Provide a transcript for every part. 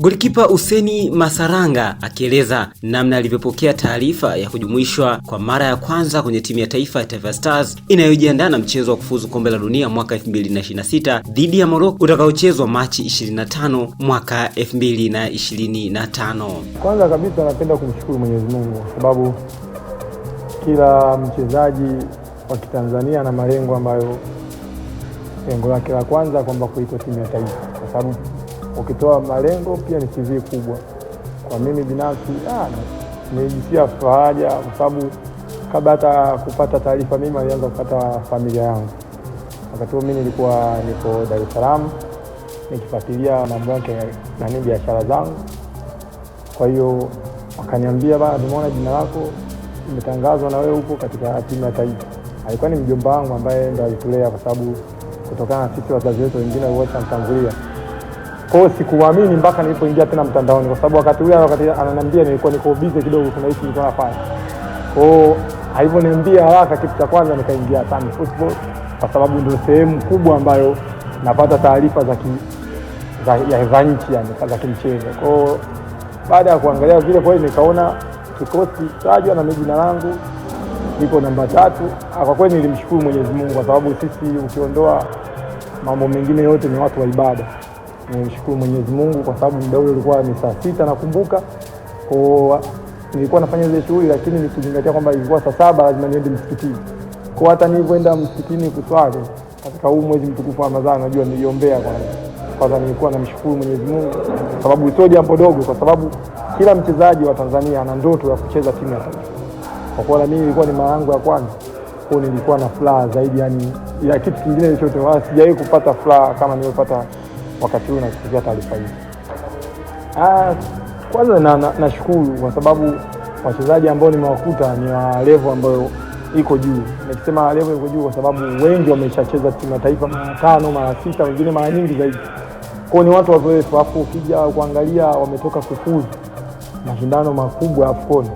Golikipa Useni Masaranga akieleza namna alivyopokea taarifa ya kujumuishwa kwa mara ya kwanza kwenye timu ya taifa ya Taifa Stars inayojiandaa na mchezo wa kufuzu kombe la dunia mwaka 2026 dhidi ya Morocco utakaochezwa Machi 25 mwaka 2025. Kwanza kabisa napenda kumshukuru Mwenyezi Mungu kwa sababu kila mchezaji wa Kitanzania ana malengo ambayo lengo lake la kwanza kwamba kuitwa timu ya taifa kwa sababu ukitoa malengo pia ni CV kubwa kwa mimi binafsi. Ah, nimejisikia faraja kwa sababu kabla hata kupata taarifa mimi alianza kupata familia yangu. Wakati huo mimi nilikuwa niko Dar es Salaam nikifuatilia mambo yake na nini biashara zangu. Kwa hiyo wakaniambia, bana, tumeona jina lako imetangazwa na wewe huko katika timu ya taifa. Alikuwa ni mjomba wangu ambaye ndo alitulea, kwa sababu kutokana na sisi wazazi wetu wengine wote wamtangulia kwao sikuamini mpaka nilipoingia tena mtandaoni, kwa sababu wakati ule wakati ananiambia nilikuwa niko busy kidogo, kuna hiki nilikuwa nafanya. kwao. alivyoniambia haraka, kitu cha kwanza nikaingia Tan Football kwa sababu ndio sehemu kubwa ambayo napata taarifa za za, ya za nchi yani za kimchezo. kwao. baada ya kuangalia vile, kweli nikaona kikosi tajwa na jina langu niko namba tatu. Ah, kwa kweli nilimshukuru Mwenyezi Mungu kwa sababu sisi, ukiondoa mambo mengine yote, ni watu wa ibada nimshukuru Mwenyezi Mungu kwa sababu muda ule ulikuwa ni saa sita nakumbuka, kwa ah, nilikuwa nafanya zile shughuli, lakini nikizingatia kwamba ilikuwa saa saba lazima niende msikitini. Kwa hata nilipoenda msikitini kuswali katika huu mwezi mtukufu wa Ramadhani, najua niliombea kwanza kwanza, nilikuwa namshukuru Mwenyezi Mungu kwa sababu sio jambo dogo, kwa sababu kila mchezaji wa Tanzania ana ndoto ya kucheza timu ya taifa. Kwa kuwa na mimi ilikuwa ni mara yangu ya kwanza, kwa nilikuwa na furaha zaidi, yani ya kitu kingine chochote, sijawahi kupata furaha kama niliyopata wakati huu nakufikia taarifa hii Ah, kwanza nashukuru na, kwa sababu wachezaji ambao nimewakuta ni wa levo ambayo iko juu. Nikisema levo iko juu kwa sababu wengi wameshacheza timu ya taifa mara tano, mara sita, wengine mara nyingi zaidi. Kwa ni watu wazoefu, alafu ukija kuangalia wametoka kufuzu mashindano makubwa ya AFCON.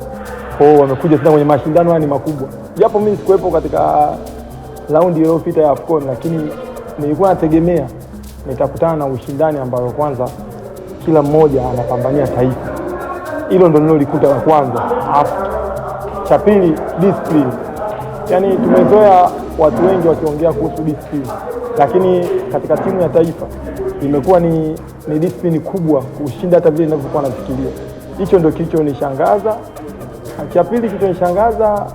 Kwa wamekuja tena kwenye mashindano haya ni makubwa. Japo mimi sikuwepo katika raundi iliyopita ya AFCON, lakini nilikuwa nategemea nitakutana na ushindani ambayo kwanza kila mmoja anapambania taifa. Hilo ndo nilolikuta la kwanza. Alafu cha pili discipline, yaani tumezoea watu wengi wakiongea kuhusu discipline, lakini katika timu ya taifa imekuwa ni, ni discipline kubwa kushinda hata vile inavyokuwa nafikiria. Hicho ndo kilichonishangaza. Cha pili kilichonishangaza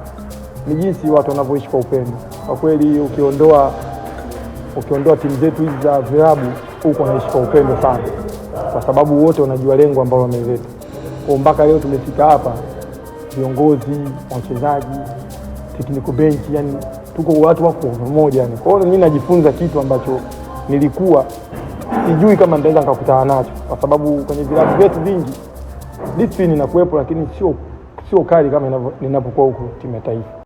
ni jinsi watu wanavyoishi kwa upendo kwa kweli, ukiondoa ukiondoa timu zetu hizi za vilabu, huko wanaishika kwa upendo sana, kwa sababu wote wanajua lengo ambalo wameleta. Kwa mpaka leo tumefika hapa, viongozi, wachezaji, tekniko benchi, yani tuko watu wako pamoja yani. Kwa hiyo mimi najifunza kitu ambacho nilikuwa sijui kama nitaweza nikakutana nacho, kwa sababu kwenye vilabu vyetu vingi discipline inakuwepo, lakini sio sio kali kama ninapokuwa huko timu ya taifa.